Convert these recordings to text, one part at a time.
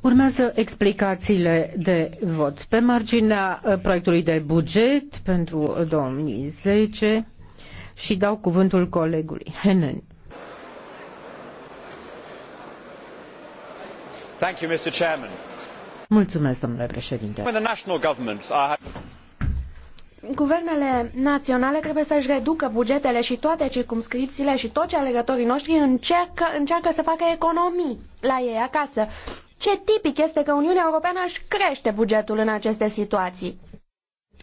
Urmează explicațiile de vot. Pe marginea uh, proiectului de buget pentru 2010 uh, și dau cuvântul colegului Hennen. Mulțumesc, domnule președinte guvernele naționale trebuie să-și reducă bugetele și toate circumscripțiile și toți alegătorii noștri încearcă, încearcă să facă economii la ei acasă. Ce tipic este că Uniunea Europeană își crește bugetul în aceste situații.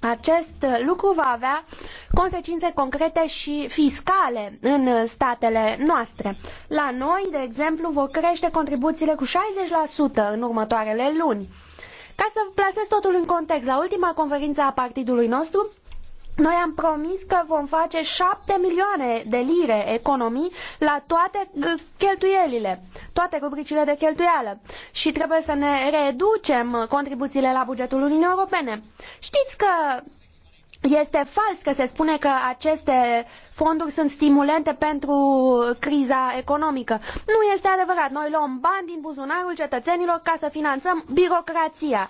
Acest lucru va avea consecințe concrete și fiscale în statele noastre. La noi, de exemplu, vor crește contribuțiile cu 60% în următoarele luni. Ca să plasez totul în context, la ultima conferință a partidului nostru, noi am promis că vom face 7 milioane de lire economii la toate uh, cheltuielile, toate rubricile de cheltuială și trebuie să ne reducem contribuțiile la bugetul Uniunii Europene. Știți că este fals că se spune că aceste fonduri sunt stimulente pentru criza economică. Nu este adevărat. Noi luăm bani din buzunarul cetățenilor ca să finanțăm birocrația.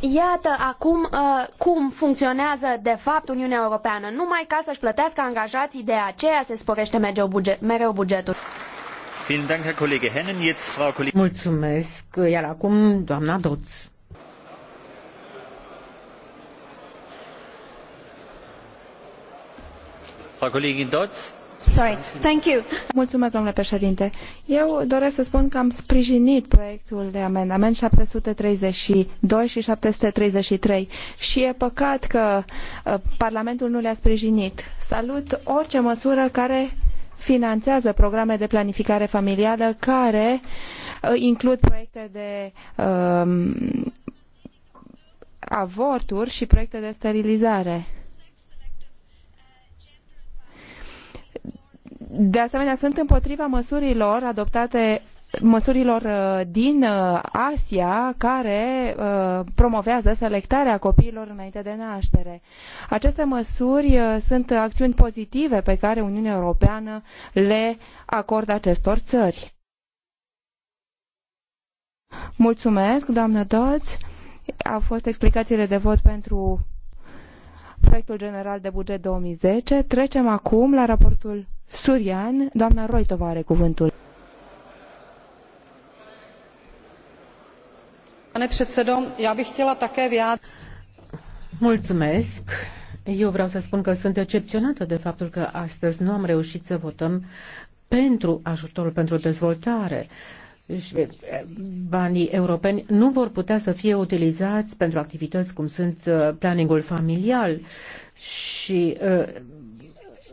Iată acum uh, cum funcționează de fapt Uniunea Europeană. Numai ca să-și plătească angajații, de aceea se sporește buget, mereu bugetul. Mulțumesc. Iar acum, doamna Doț. Mulțumesc, domnule președinte. Eu doresc să spun că am sprijinit proiectul de amendament 732 și 733 și e păcat că uh, Parlamentul nu le-a sprijinit. Salut orice măsură care finanțează programe de planificare familială care uh, includ proiecte de um, avorturi și proiecte de sterilizare De asemenea, sunt împotriva măsurilor adoptate măsurilor uh, din uh, Asia care uh, promovează selectarea copiilor înainte de naștere. Aceste măsuri sunt acțiuni pozitive pe care Uniunea Europeană le acordă acestor țări. Mulțumesc, doamnă Doți. Au fost explicațiile de vot pentru proiectul general de buget 2010. Trecem acum la raportul Surian. Doamna Roitova are cuvântul. Pane předsedo, já bych chtěla také vyjádřit. Mulțumesc. Eu vreau să spun că sunt decepționată de faptul că astăzi nu am reușit să votăm pentru ajutorul pentru dezvoltare. Eh, banii europeni nu vor putea să fie utilizați pentru activități cum sunt eh, planningul familial și eh,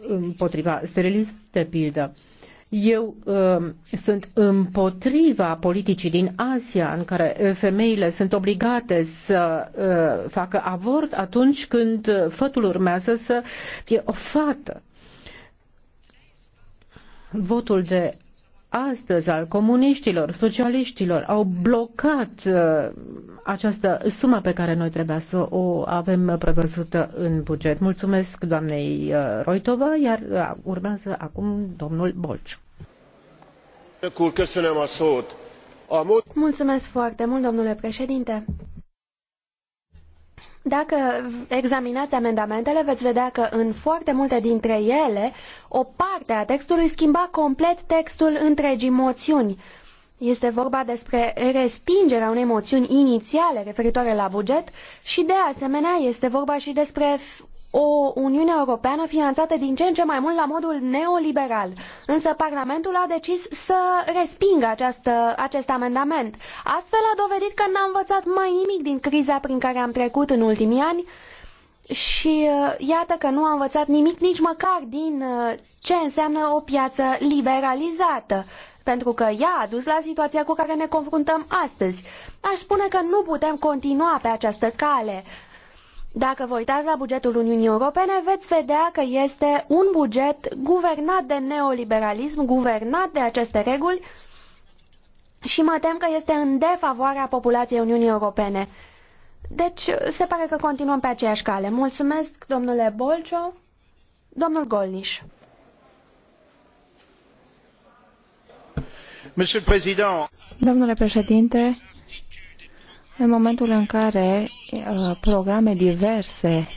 împotriva sterilizării, de pildă. Eu uh, sunt împotriva politicii din Asia în care femeile sunt obligate să uh, facă avort atunci când fătul urmează să fie o fată. Votul de astăzi al comuniștilor, socialiștilor, au blocat uh, această sumă pe care noi trebuia să o avem prevăzută în buget. Mulțumesc doamnei uh, Roitova, iar uh, urmează acum domnul Bolciu. Mulțumesc foarte mult, domnule președinte. Dacă examinați amendamentele, veți vedea că în foarte multe dintre ele, o parte a textului schimba complet textul întregii moțiuni. Este vorba despre respingerea unei moțiuni inițiale referitoare la buget și, de asemenea, este vorba și despre o Uniune Europeană finanțată din ce în ce mai mult la modul neoliberal. Însă Parlamentul a decis să respingă această, acest amendament. Astfel a dovedit că n-a învățat mai nimic din criza prin care am trecut în ultimii ani și uh, iată că nu a învățat nimic nici măcar din uh, ce înseamnă o piață liberalizată pentru că ea a dus la situația cu care ne confruntăm astăzi. Aș spune că nu putem continua pe această cale. Dacă vă uitați la bugetul Uniunii Europene, veți vedea că este un buget guvernat de neoliberalism, guvernat de aceste reguli și mă tem că este în defavoarea populației Uniunii Europene. Deci, se pare că continuăm pe aceeași cale. Mulțumesc, domnule Bolcio. Domnul Golniș. Domnule președinte, în momentul în care Uh, programe diverse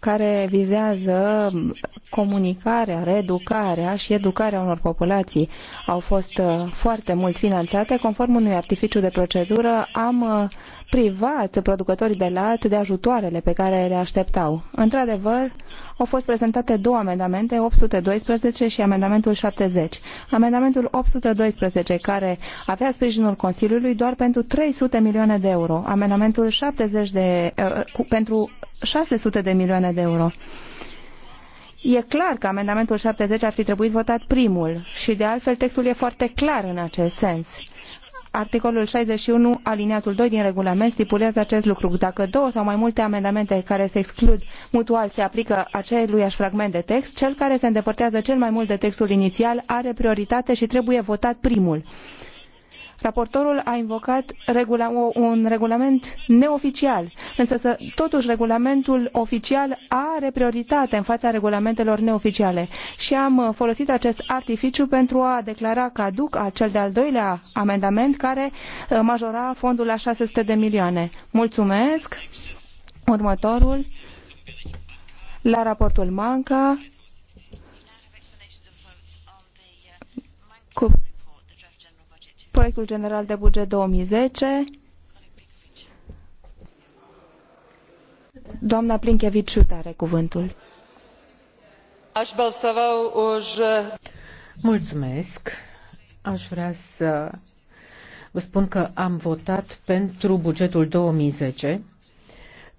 care vizează comunicarea, reeducarea și educarea unor populații au fost uh, foarte mult finanțate. Conform unui artificiu de procedură am uh, privat producătorii de lat de ajutoarele pe care le așteptau. Într-adevăr, au fost prezentate două amendamente, 812 și amendamentul 70. Amendamentul 812, care avea sprijinul Consiliului doar pentru 300 milioane de euro, amendamentul 70 de, eh, pentru 600 de milioane de euro. E clar că amendamentul 70 ar fi trebuit votat primul și de altfel textul e foarte clar în acest sens. Articolul 61, aliniatul 2 din regulament stipulează acest lucru. Dacă două sau mai multe amendamente care se exclud mutual se aplică aceluiași fragment de text, cel care se îndepărtează cel mai mult de textul inițial are prioritate și trebuie votat primul. Raportorul a invocat regula, un regulament neoficial, însă să, totuși regulamentul oficial are prioritate în fața regulamentelor neoficiale și am uh, folosit acest artificiu pentru a declara caduc acel de-al doilea amendament care uh, majora fondul la 600 de milioane. Mulțumesc! Următorul la raportul Manca cu proiectul general de buget 2010. Doamna Plinkeviciu are cuvântul. Aș Mulțumesc. Aș vrea să vă spun că am votat pentru bugetul 2010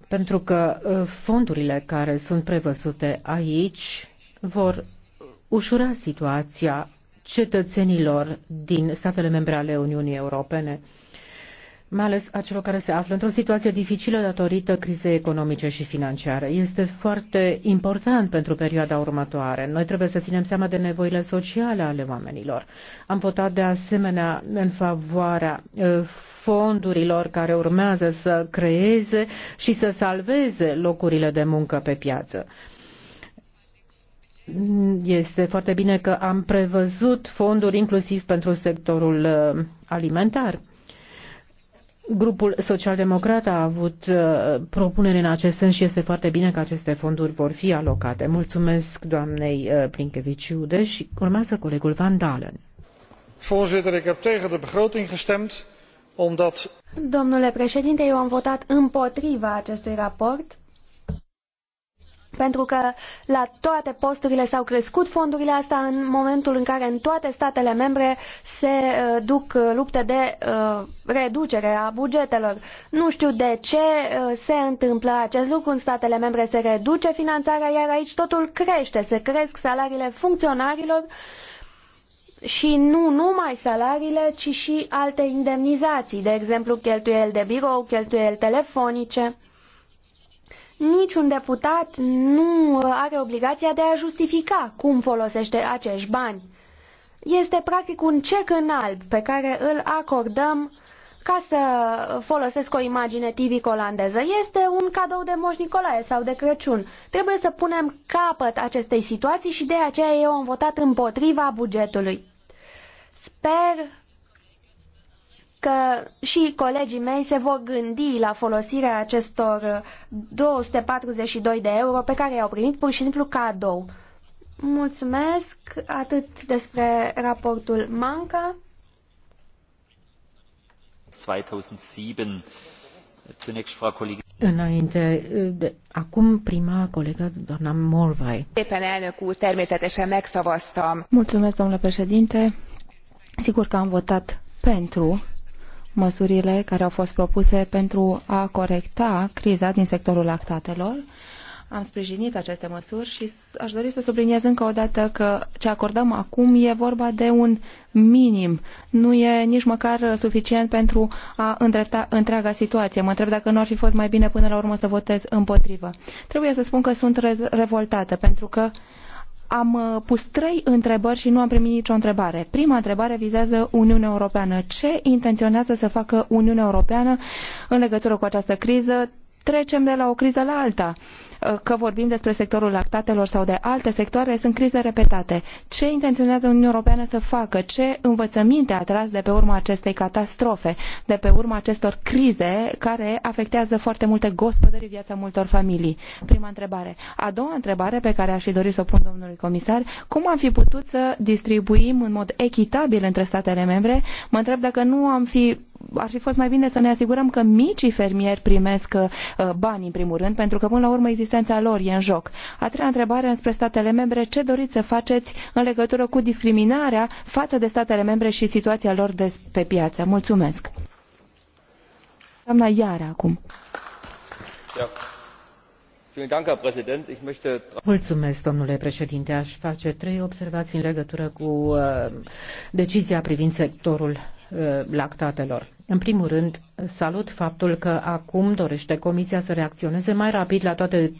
pentru că ă, fondurile care sunt prevăzute aici vor ușura situația cetățenilor din statele membre ale Uniunii Europene, mai ales a celor care se află într-o situație dificilă datorită crizei economice și financiare. Este foarte important pentru perioada următoare. Noi trebuie să ținem seama de nevoile sociale ale oamenilor. Am votat de asemenea în favoarea fondurilor care urmează să creeze și să salveze locurile de muncă pe piață. Este foarte bine că am prevăzut fonduri inclusiv pentru sectorul uh, alimentar. Grupul Social-Democrat a avut uh, propuneri în acest sens și este foarte bine că aceste fonduri vor fi alocate. Mulțumesc doamnei uh, Plinkeviciu. și urmează colegul Van Dalen. Voorzitter, ik heb tegen de begroting gestemd omdat... Domnule președinte, eu am votat împotriva acestui raport pentru că la toate posturile s-au crescut fondurile Asta în momentul în care în toate statele membre se uh, duc uh, lupte de uh, reducere a bugetelor. Nu știu de ce se întâmplă acest lucru. În statele membre se reduce finanțarea, iar aici totul crește. Se cresc salariile funcționarilor și nu numai salariile, ci și alte indemnizații, de exemplu cheltuieli de birou, cheltuieli telefonice niciun deputat nu are obligația de a justifica cum folosește acești bani. Este practic un cec în alb pe care îl acordăm ca să folosesc o imagine tipic olandeză. Este un cadou de Moș Nicolae sau de Crăciun. Trebuie să punem capăt acestei situații și de aceea eu am votat împotriva bugetului. Sper că și colegii mei se vor gândi la folosirea acestor 242 de euro pe care i-au primit pur și simplu cadou. Mulțumesc atât despre raportul Manca. 2007. Înainte, de, acum prima colegă, doamna Morvai. Éppen elnök úr, természetesen megszavaztam. Mulțumesc, domnule președinte. Sigur că am votat pentru măsurile care au fost propuse pentru a corecta criza din sectorul lactatelor. Am sprijinit aceste măsuri și aș dori să subliniez încă o dată că ce acordăm acum e vorba de un minim. Nu e nici măcar suficient pentru a îndrepta întreaga situație. Mă întreb dacă nu ar fi fost mai bine până la urmă să votez împotrivă. Trebuie să spun că sunt revoltată pentru că uh, am uh, pus trei întrebări și nu am primit nicio întrebare. Prima întrebare vizează Uniunea Europeană. Ce intenționează să facă Uniunea Europeană în legătură cu această criză? trecem de la o criză la alta. Uh, că vorbim despre sectorul lactatelor sau de alte sectoare, sunt crize repetate. Ce intenționează Uniunea Europeană să facă? Ce învățăminte a tras de pe urma acestei catastrofe, de pe urma acestor crize care afectează foarte multe gospodării, viața multor familii? Prima întrebare. A doua întrebare pe care aș fi dorit să o pun domnului comisar, cum am fi putut să distribuim în mod echitabil între statele membre? Mă întreb dacă nu am fi ar fi fost mai bine să ne asigurăm că micii fermieri primesc uh, bani în primul rând, pentru că până la urmă existența lor e în joc. A treia întrebare înspre statele membre, ce doriți să faceți în legătură cu discriminarea față de statele membre și situația lor de pe piață? Mulțumesc! Doamna Iara acum. Mulțumesc, domnule președinte. Aș face trei observații în legătură cu uh, decizia privind sectorul Uh, lactatelor. În primul rând, salut faptul că acum dorește Comisia să reacționeze mai rapid la toate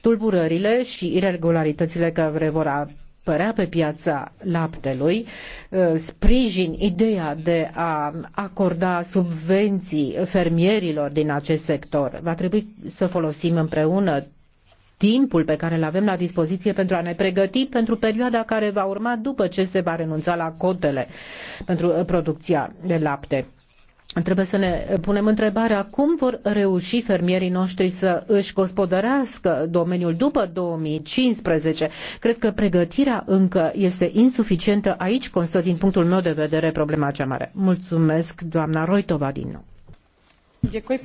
tulburările și irregularitățile care vor apărea pe piața laptelui, uh, sprijin ideea de a acorda subvenții fermierilor din acest sector. Va trebui să folosim împreună timpul pe care îl avem la dispoziție pentru a ne pregăti pentru perioada care va urma după ce se va renunța la cotele pentru uh, producția de lapte. Trebuie să ne punem întrebarea cum vor reuși fermierii noștri să își gospodărească domeniul după 2015. Cred că pregătirea încă este insuficientă. Aici constă, din punctul meu de vedere, problema cea mare. Mulțumesc, doamna Roitova, din nou susin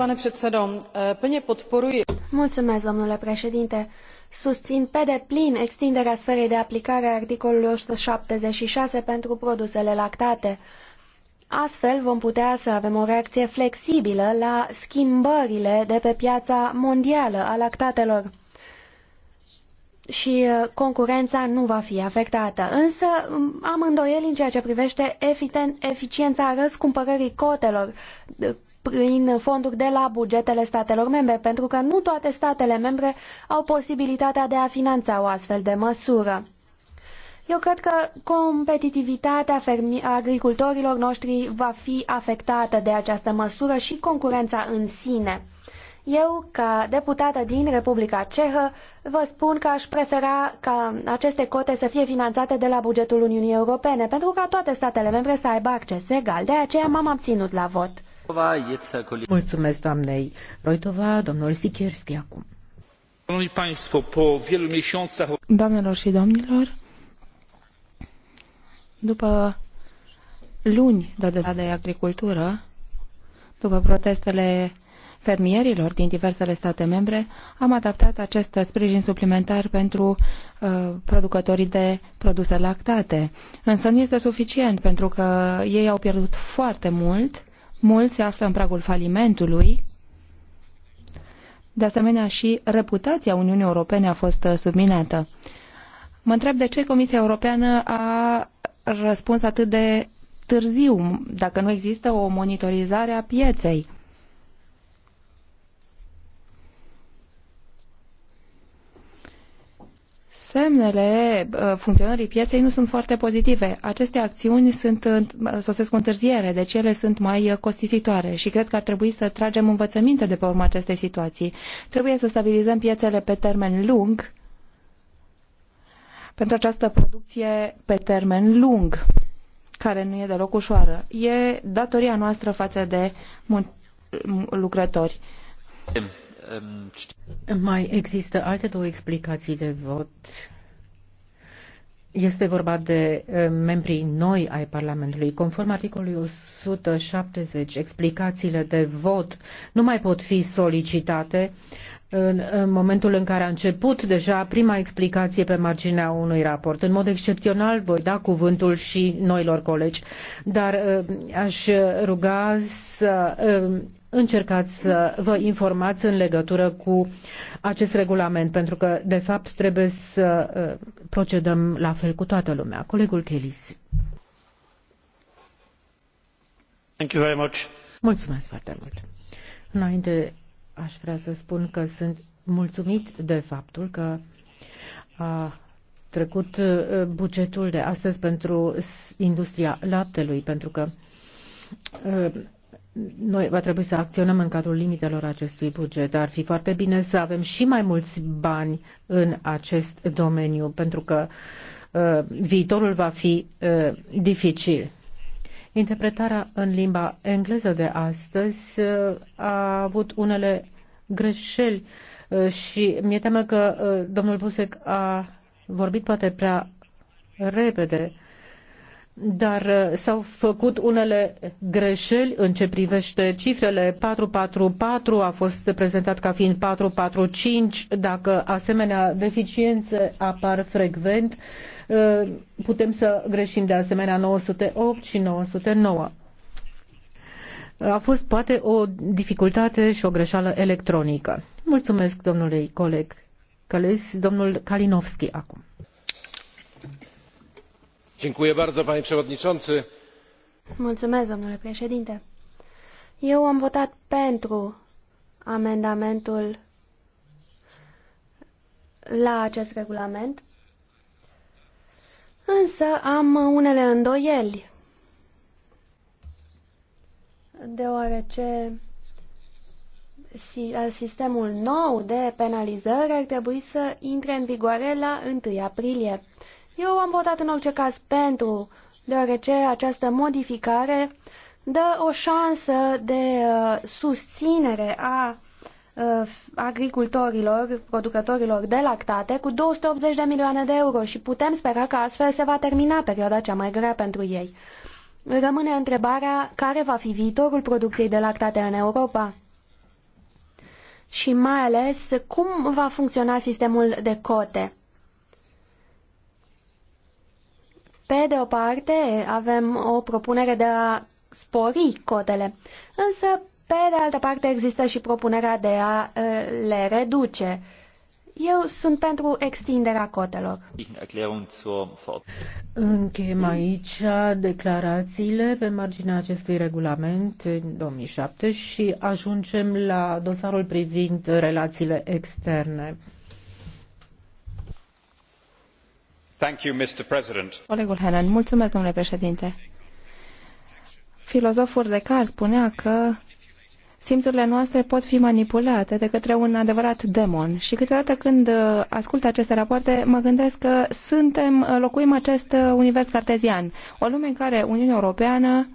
eh, domnule președinte. Susțin pe deplin extinderea sferei de aplicare a articolului șase pentru produsele lactate. Astfel vom putea să avem o reacție flexibilă la schimbările de pe piața mondială a lactatelor și eh, concurența nu va fi afectată. Însă am îndoieli în ceea ce privește eficiența răscumpărării cotelor prin fonduri de la bugetele statelor membre, pentru că nu toate statele membre au posibilitatea de a finanța o astfel de măsură. Eu cred că competitivitatea agricultorilor noștri va fi afectată de această măsură și concurența în sine. Eu, ca deputată din Republica Cehă, vă spun că aș prefera ca aceste cote să fie finanțate de la bugetul Uniunii Europene, pentru ca toate statele membre să aibă acces egal. De aceea m-am abținut la vot. Mulțumesc doamnei Roitova, domnul Sikierski acum. Doamnelor și domnilor, după luni de dezbatere de agricultură, după protestele fermierilor din diversele state membre, am adaptat acest sprijin suplimentar pentru uh, producătorii de produse lactate. Însă nu este suficient pentru că ei au pierdut foarte mult Mulți se află în pragul falimentului. De asemenea, și reputația Uniunii Europene a fost uh, subminată. Mă întreb de ce Comisia Europeană a răspuns atât de târziu, dacă nu există o monitorizare a pieței semnele uh, funcționării pieței nu sunt foarte pozitive. Aceste acțiuni sunt, uh, sosesc cu întârziere, deci ele sunt mai uh, costisitoare și cred că ar trebui să tragem învățăminte de pe urma acestei situații. Trebuie să stabilizăm piețele pe termen lung pentru această producție pe termen lung, care nu e deloc ușoară. E datoria noastră față de lucrători. Mai există alte două explicații de vot. Este vorba de eh, membrii noi ai Parlamentului. Conform articolului 170, explicațiile de vot nu mai pot fi solicitate în, în momentul în care a început deja prima explicație pe marginea unui raport. În mod excepțional voi da cuvântul și noilor colegi, dar eh, aș ruga să eh, încercați să vă informați în legătură cu acest regulament, pentru că, de fapt, trebuie să uh, procedăm la fel cu toată lumea. Colegul Kelis. Thank you very much. Mulțumesc foarte mult. Înainte aș vrea să spun că sunt mulțumit de faptul că a trecut uh, bugetul de astăzi pentru industria laptelui, pentru că uh, noi va trebui să acționăm în cadrul limitelor acestui buget. Ar fi foarte bine să avem și mai mulți bani în acest domeniu, pentru că uh, viitorul va fi uh, dificil. Interpretarea în limba engleză de astăzi uh, a avut unele greșeli uh, și mi-e teamă că uh, domnul Busec a vorbit poate prea repede dar uh, s-au făcut unele greșeli în ce privește cifrele. 444 a fost prezentat ca fiind 445. Dacă asemenea deficiențe apar frecvent, uh, putem să greșim de asemenea 908 și 909. A fost poate o dificultate și o greșeală electronică. Mulțumesc domnului coleg Căles, domnul Kalinowski acum panie przewodniczący! eu am votat pentru amendamentul la acest regulament însă am unele îndoieli deoarece sistemul nou de penalizări ar trebui să intre în vigoare la 1 aprilie. Eu am votat în orice caz pentru, deoarece această modificare dă o șansă de uh, susținere a uh, agricultorilor, producătorilor de lactate cu 280 de milioane de euro și putem spera că astfel se va termina perioada cea mai grea pentru ei. Rămâne întrebarea care va fi viitorul producției de lactate în Europa și mai ales cum va funcționa sistemul de cote. Pe de o parte, avem o propunere de a spori cotele, însă, pe de altă parte, există și propunerea de a le reduce. Eu sunt pentru extinderea cotelor. Încheiem aici declarațiile pe marginea acestui regulament în 2007 și ajungem la dosarul privind relațiile externe. mulțumesc, domnule președinte. Filozoful Descartes spunea că simțurile noastre pot fi manipulate de către un adevărat demon. Și câteodată când uh, ascult aceste rapoarte, mă gândesc că suntem, uh, locuim acest uh, univers cartezian, o lume în care Uniunea Europeană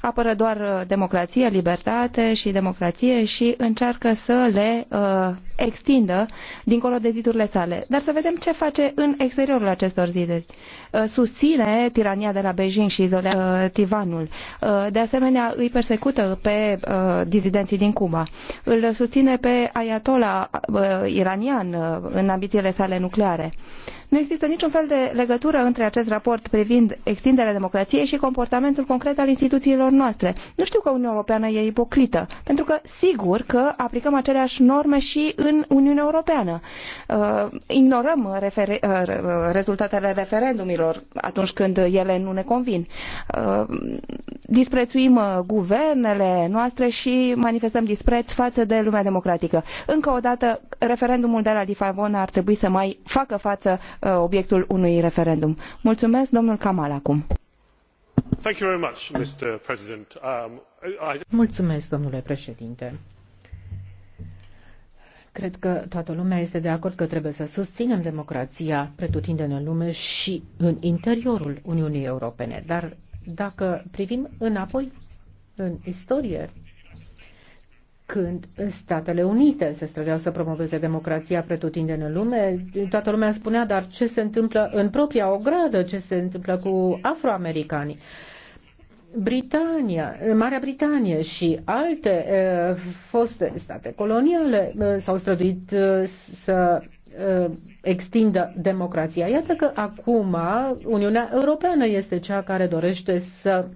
apără doar uh, democrație, libertate și democrație și încearcă să le uh, extindă dincolo de zidurile sale. Dar să vedem ce face în exteriorul acestor ziduri. Uh, susține tirania de la Beijing și izolează uh, Tivanul. Uh, de asemenea, îi persecută pe uh, dizidenții din Cuba. Îl susține pe Ayatollah uh, iranian uh, în ambițiile sale nucleare. Nu există niciun fel de legătură între acest raport privind extinderea democrației și comportamentul concret al instituțiilor legilor noastre. Nu știu că Uniunea Europeană e ipocrită, pentru că sigur că aplicăm aceleași norme și în Uniunea Europeană. Uh, ignorăm refer- uh, uh, rezultatele referendumilor atunci când ele nu ne convin. Disprețuim guvernele noastre și manifestăm dispreț față de lumea democratică. Încă o dată, referendumul de la Lisabona ar trebui să mai facă față obiectul unui referendum. Mulțumesc, domnul Kamal, acum. Um, Mulțumesc, domnule președinte. Cred că toată lumea este de acord că trebuie să susținem democrația pretutindeni în lume și în interiorul Uniunii Europene. Dar dacă privim înapoi în istorie, când Statele Unite se străduiau să promoveze democrația pretutindeni în lume, toată lumea spunea, dar ce se întâmplă în propria ogradă, ce se întâmplă cu afroamericanii? Britania, Marea Britanie și alte eh, foste state coloniale eh, s-au străduit eh, să extindă democrația. Iată că acum Uniunea Europeană este cea care dorește să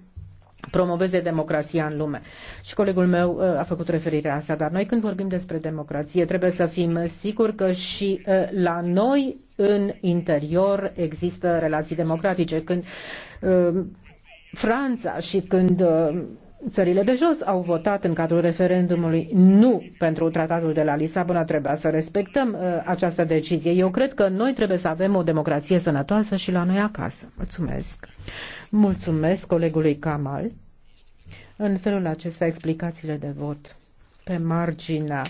promoveze democrația în lume. Și colegul meu uh, a făcut referire la asta, dar noi când vorbim despre democrație trebuie să fim siguri că și uh, la noi în interior există relații democratice. Când uh, Franța și când țările de jos au votat în cadrul referendumului nu pentru tratatul de la Lisabona, trebuia să respectăm această decizie. Eu cred că noi trebuie să avem o democrație sănătoasă și la noi acasă. Mulțumesc. Mulțumesc colegului Kamal. În felul acesta, explicațiile de vot pe marginea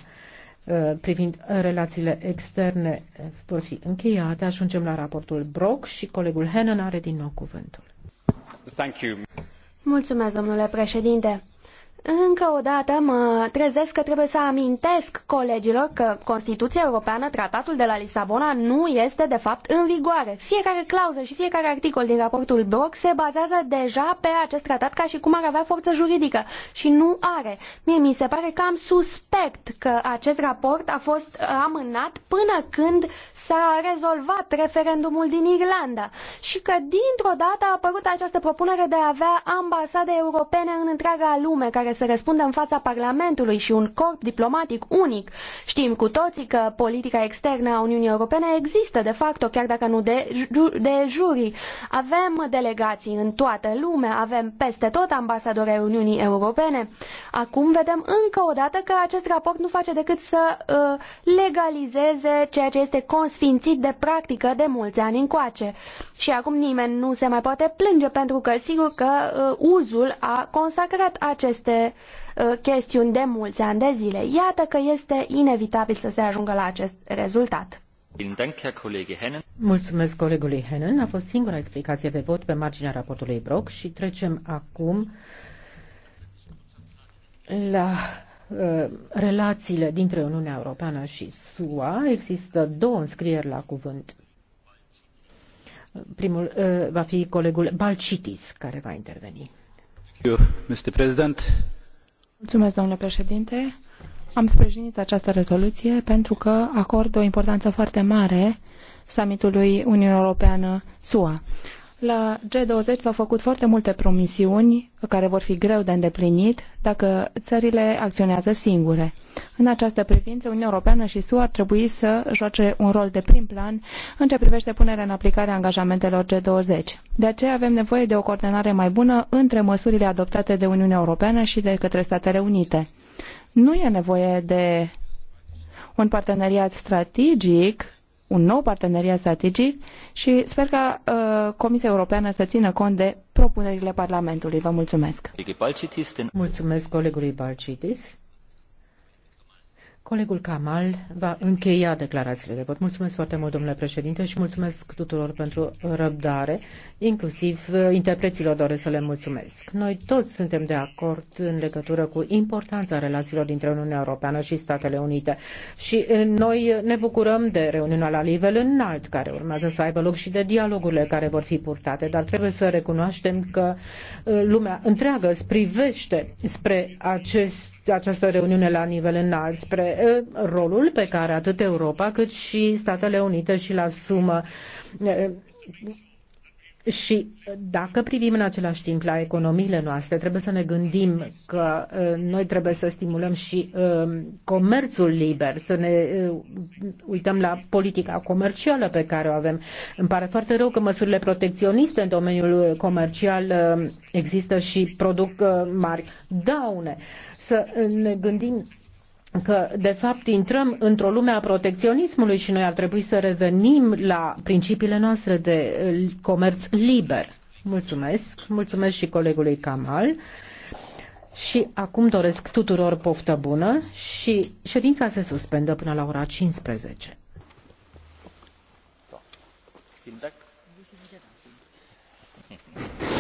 uh, privind relațiile externe uh, vor fi încheiate. Ajungem la raportul Brock și colegul Hennen are din nou cuvântul. Mulțumesc, domnule președinte. Încă o dată mă trezesc că trebuie să amintesc colegilor că Constituția Europeană, Tratatul de la Lisabona, nu este de fapt în vigoare. Fiecare clauză și fiecare articol din raportul Brok se bazează deja pe acest tratat ca și cum ar avea forță juridică și nu are. Mie mi se pare cam suspect că acest raport a fost amânat până când s-a rezolvat referendumul din Irlanda și că dintr-o dată a apărut această propunere de a avea ambasade europene în întreaga lume care care să răspundă în fața Parlamentului și un corp diplomatic unic. Știm cu toții că politica externă a Uniunii Europene există de facto, chiar dacă nu de, de juri. Avem delegații în toată lumea, avem peste tot ambasadori ai Uniunii Europene. Acum vedem încă o dată că acest raport nu face decât să uh, legalizeze ceea ce este consfințit de practică de mulți ani încoace. Și acum nimeni nu se mai poate plânge pentru că sigur că uh, uzul a consacrat aceste Uh, chestiuni de mulți ani de zile. Iată că este inevitabil să se ajungă la acest rezultat. Mulțumesc colegului Hennen. A fost singura explicație de vot pe marginea raportului Brock și trecem acum la uh, relațiile dintre Uniunea Europeană și SUA. Există două înscrieri la cuvânt. Primul uh, va fi colegul Balcitis care va interveni. Mulțumesc, domnule președinte. Am sprijinit această rezoluție pentru că acordă o importanță foarte mare summitului Uniunea Europeană-SUA. La G20 s-au făcut foarte multe promisiuni care vor fi greu de îndeplinit dacă țările acționează singure. În această privință, Uniunea Europeană și SUA ar trebui să joace un rol de prim plan în ce privește punerea în aplicare a angajamentelor G20. De aceea avem nevoie de o coordonare mai bună între măsurile adoptate de Uniunea Europeană și de către Statele Unite. Nu e nevoie de un parteneriat strategic un nou parteneriat strategic și sper ca uh, Comisia Europeană să țină cont de propunerile Parlamentului. Vă mulțumesc! Mulțumesc colegului Balcitis. Colegul Kamal va încheia declarațiile de vot. Mulțumesc foarte mult, domnule președinte, și mulțumesc tuturor pentru răbdare, inclusiv uh, interpreților doresc să le mulțumesc. Noi toți suntem de acord în legătură cu importanța relațiilor dintre Uniunea Europeană și Statele Unite și uh, noi ne bucurăm de reuniunea la nivel înalt care urmează să aibă loc și de dialogurile care vor fi purtate, dar trebuie să recunoaștem că uh, lumea întreagă privește spre acest această reuniune la nivel înalt spre rolul pe care atât Europa cât și Statele Unite și-l asumă și dacă privim în același timp la economiile noastre, trebuie să ne gândim că uh, noi trebuie să stimulăm și um, comerțul liber, să ne uh, uităm la politica comercială pe care o avem. Îmi pare foarte rău că măsurile protecționiste în domeniul comercial uh, există și produc mari daune. Să ne gândim că, de fapt, intrăm într-o lume a protecționismului și noi ar trebui să revenim la principiile noastre de uh, comerț liber. Mulțumesc, mulțumesc și colegului Kamal. Și acum doresc tuturor poftă bună și ședința se suspendă până la ora 15. So.